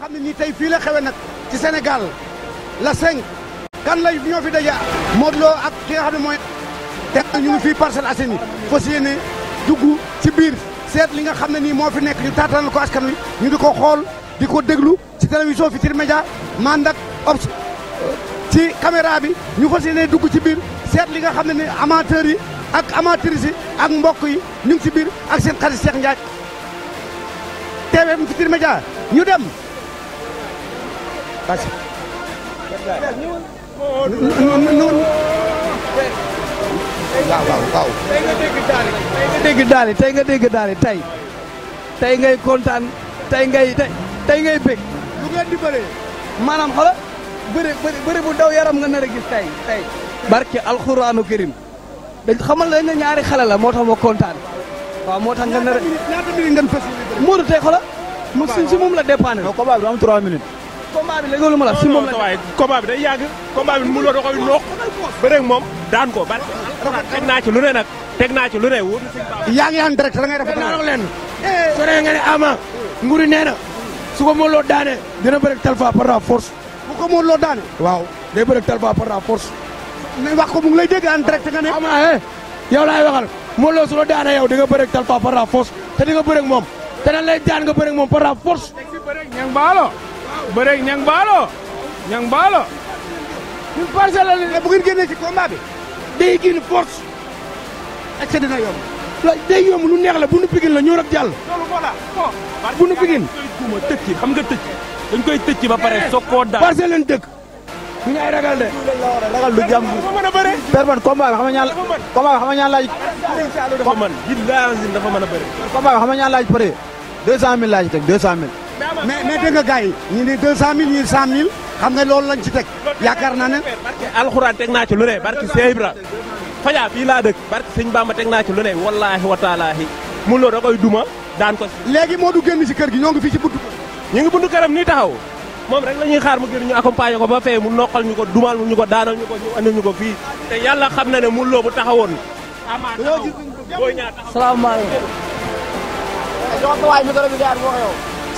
xam ne nii tey fii la xewe nag ci Sénégal la 5 kan lay ñoo fi daje Modou Lo ak ki nga xam ne mooy te ñu ngi fii Parcelles Assainies fas yéene dugg ci biir seet li nga xam ne nii moo fi nekk ñu taatanal ko askan wi ñu ngi ko xool di ko déglu ci télévision Futurs Médias mandak obs ci caméra bi ñu fas yéene dugg ci biir seet li nga xam ne ni amateurs yi ak amatrices yi ak mbokk yi ñu ngi ci biir ak seen xarit Cheikh Ndiaye TFM Futurs Médias ñu dem waaw waaw waaw. tey nga dégg daal tey nga dégg daal tey nga dégg daal tey tey ngay kontaan tey ngay tey ngay bég lu ngeen di bëree maanaam xolo bëri bëri bu daw yaram nga nar a gis tey tey barke alxuraanu karim dañ xamal lañ ne ñaari xale la moo tax ma kontaan waaw moo tax nga nar a ñaata minutes ngeen fas moo du tey xolo mu suñ si moom la dépendre combat bi am 3 minutes combat bi léegi lu ma la si moom la waaye bi day yàgg moom daan ko barke teg naa ci lu ne ci lu ne wóor yaa ngi la ngay def naa leen so ne nga ne ama nguri nee na su ko Modou Lo daane dina bëreeg Talfa par la force bu ko Modou daane waaw day bëreeg Talfa par la force wax ko mu ngi lay dégg en nga ne ama eh, laay waxal Modou Lo su daane yow di nga bëreeg Talfa par la force te di nga moom te nan lay daan nga bëreeg moom par la force ñang baalo bëreeg ñang baalo ñang baalo ñun parcelle le bu ngeen génnee ci combat bi day génn force accès dina yomb loolu day yomb lu neex la bu nu pigin la ñëw rek jàll bu nu pigin tëj ci xam nga tëj dañ koy tëj ci ba pare eh, soog koo daal parcelle leen dëkk du ñu ay ragal de ragal du jàmm man ñaan laaj dafa mën dafa a bëri combat bi xam nga ñaan laaj pare deux cent laaj teg deux cent mais mais dégg nga gars yi ñu ne 200000 ñii 100000 xam nga loolu lañ ci teg yaakaar naa ne. alxuraan teg naa ci lu ne barki Sèye Ibra Faja fii laa dëkk barki sëñ Bamba teg naa ci lu ne wallaahi wa taalaahi mu loolu da koy duma daan ko si. léegi moo du génn si kër gi ñoo ngi fii ci buntu ñu ngi buntu këram nii taxaw moom rek la ñuy xaar mu génn ñu accompagner ko ba fee mu noqal ñu ko dumal ñu ko daanal ñu ko ñu andil ñu ko fii te yàlla xam na ne mun loo bu taxawoon. amaa taxaw booy ñaar taxaw salaamaaleykum.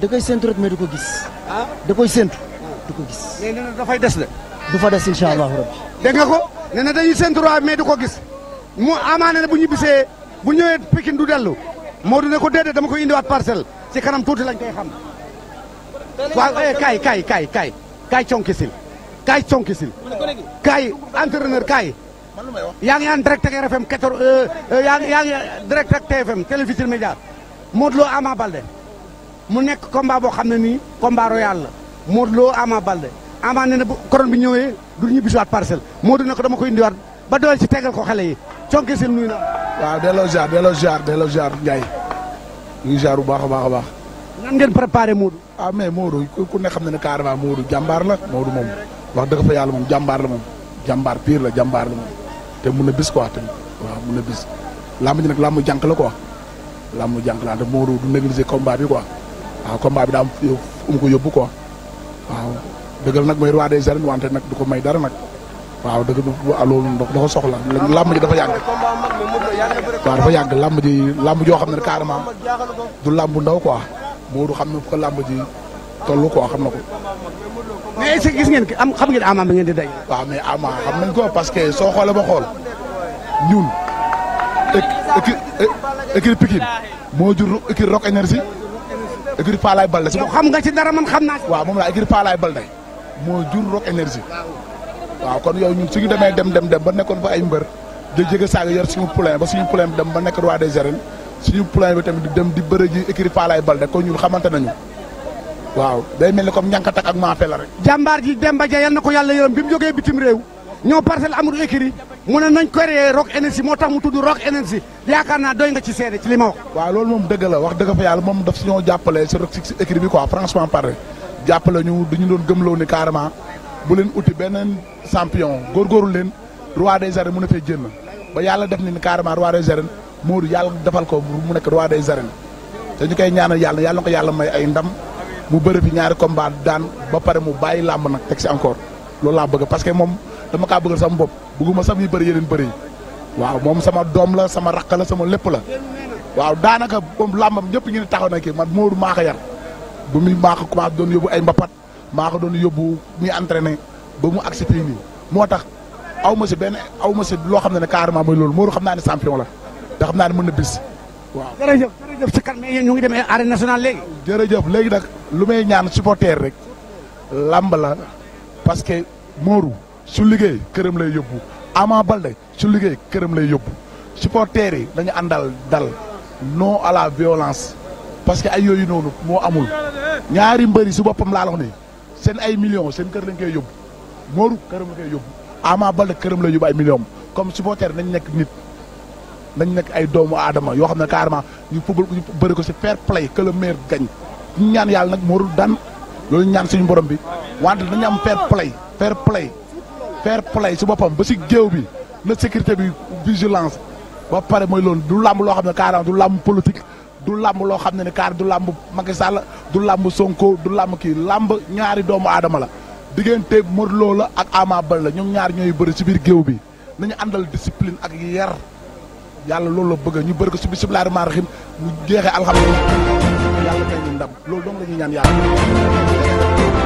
da koy séntu rek mais du ko gis. ah da koy ah. du ko gis. mais nee na dafay des de. du fa des incha allahu rabbi. dégg nga ko nee na dañuy séntu roi mais du ko gis mu amaane ne bu ñu bisee bu ñëwee Pikine du dellu Modou ne ko déedéet dama koy indiwaat parcelle ci kanam tuuti lañ koy xam. waaw eh kaay kaay kaay kaay kaay conki sil kaay conki sil yaa ngi en direct ak RFM 14 euh, euh, yaa ngi yaa ngi direct ak TFM télévision média Modou Lo Ama Balde. mu nekk combat boo xam ne nii combat royal la Modou loo Ama Baldé Ama ne na bu bi ñëwee du ñu bisuwaat parcelle Modou ne ko dama koy indiwaat ba dool ci tegal ko xale yi conke seen na waaw delloo jaar delloo jaar delloo jaar Ndiaye ñu ngi jaar bu baax a baax a baax nan ngeen préparé Modou ah mais Modou ku ne xam ne ne carrément Modou jàmbaar la Modou moom wax dëgg fa yàlla moom jàmbaar la moom jàmbaar pire la jàmbaar la moom te mun na bis quoi tamit mun na bis làmb nag làmb jànk la quoi làmb jànk la te Modou du négliger combat waaw combat bi daa um ko yóbbu quoi waaw dëggal nag mooy roi des arènes wante nag du ko may dara nag waaw dëgg ah, loolu da ko soxla dafa yàgg waaw dafa yàgg làmb ji làmb joo xam ne carrément du làmb ndaw quoi moo du xam ne fu ko làmb ji xam na ko mais est-ce que ngeen xam ngeen ama bi ngeen di day waaw mais ama xam nañ ko parce que soo xoolee ba xool ñun équipe Pikine moo jur équipe Rock Énergie écurie Palaay Balde. su ma xam nga ci dara man xam naa ci. waaw moom laa écurie Palaay Balde moo jur Rock Énergie waaw kon yow ñun suñu demee dem dem dem ba nekkoon fa ay mbër jëjëge saaga yor suñu poulain ba suñu poulain bi dem ba nekk roi de arènes suñu poulain bi tamit di dem di bëre ji écurie Palaay Balde kon ñun xamante nañu waaw day mel ni comme ñànkatak ak maafe la rek. jàmbaar ji Demba Dia yal na ko yàlla yërëm bi mu jógee bitim réew. ñoo parcelle amul écrit mu ne nañ créer rock énergie moo tax mu tudd rock énergie yaakaar naa doy nga ci seede ci li ma wax. waaw loolu moom dëgg la wax dëgg fa yàlla moom daf si ñoo jàppale si rock si écrit bi quoi franchement parler jàppale ñu dañu doon gëmloo ni carrément bu leen uti beneen góor góorgóorlu leen roi des arènes mu ne fee jënd ba yàlla def ni carrément roi des arènes Modou yàlla defal ko mu nekk roi des arènes te ñu koy ñaana yàlla yàlla ko yàlla may ay ndam mu bëri fi ñaari combat daan ba pare mu bàyyi làmb nag teg si encore dama kaa bëggal sama bopp bëgguma sax yi bëri yeneen bëri yi waaw moom sama doom la sama rakk la sama lépp la waaw daanaka moom làmbam ñëpp ñu ne taxaw na kii man mooru maa ko yar bu muy maa ko commencé doon yóbbu ay mbapat maa ko doon yóbbu muy entraîné ba mu agsi fii nii moo tax aw ma si benn aw ma si loo xam ne ne carrément mooy loolu Modou xam naa ne champion la da xam naa ne mën na bis waaw. jërëjëf jërëjëf si kan mais ñu ngi demee arène nationale léegi. jërëjëf léegi nag lu may ñaan supporter rek lamb la parce que Modou su liggéey këram lay yóbbu Ama Baldé su liggéey këram lay yóbbu supporters yi dañu àndal dal non à la violence parce que ay yooyu noonu moo amul ñaari mbëri su boppam laa la seen ay millions seen kër lañ koy yóbbu Modou këram la koy yóbbu Ama Baldé këram lay yóbbu ay millions comme supporter nañ nekk nit nañ nekk ay doomu aadama yoo xam ne carrément ñu football ñu bëri ko si fair play que le meilleur ñu ñaan yàlla nag Modou dan loolu ñaan suñu borom bi wante nañu am fair play fair play fair play si boppam ba si géew bi na sécurité bi vigilance ba pare mooy loolu du làmb loo xam ne carrément du làmb politique du làmb loo xam ne ne carrément du làmb Macky Sall du làmb Sonko du làmb kii làmb ñaari doomu aadama la diggante Modou Lo la ak Ama Baldé la ñoom ñaari ñooy bëri si biir géew bi nañu àndal discipline ak yar yàlla loolu la bëgg ñu bëri ko si bismillahi rahmaani rahim mu jeexee alhamdulilah yàlla kay ñu ndam loolu dong la ñaan yàlla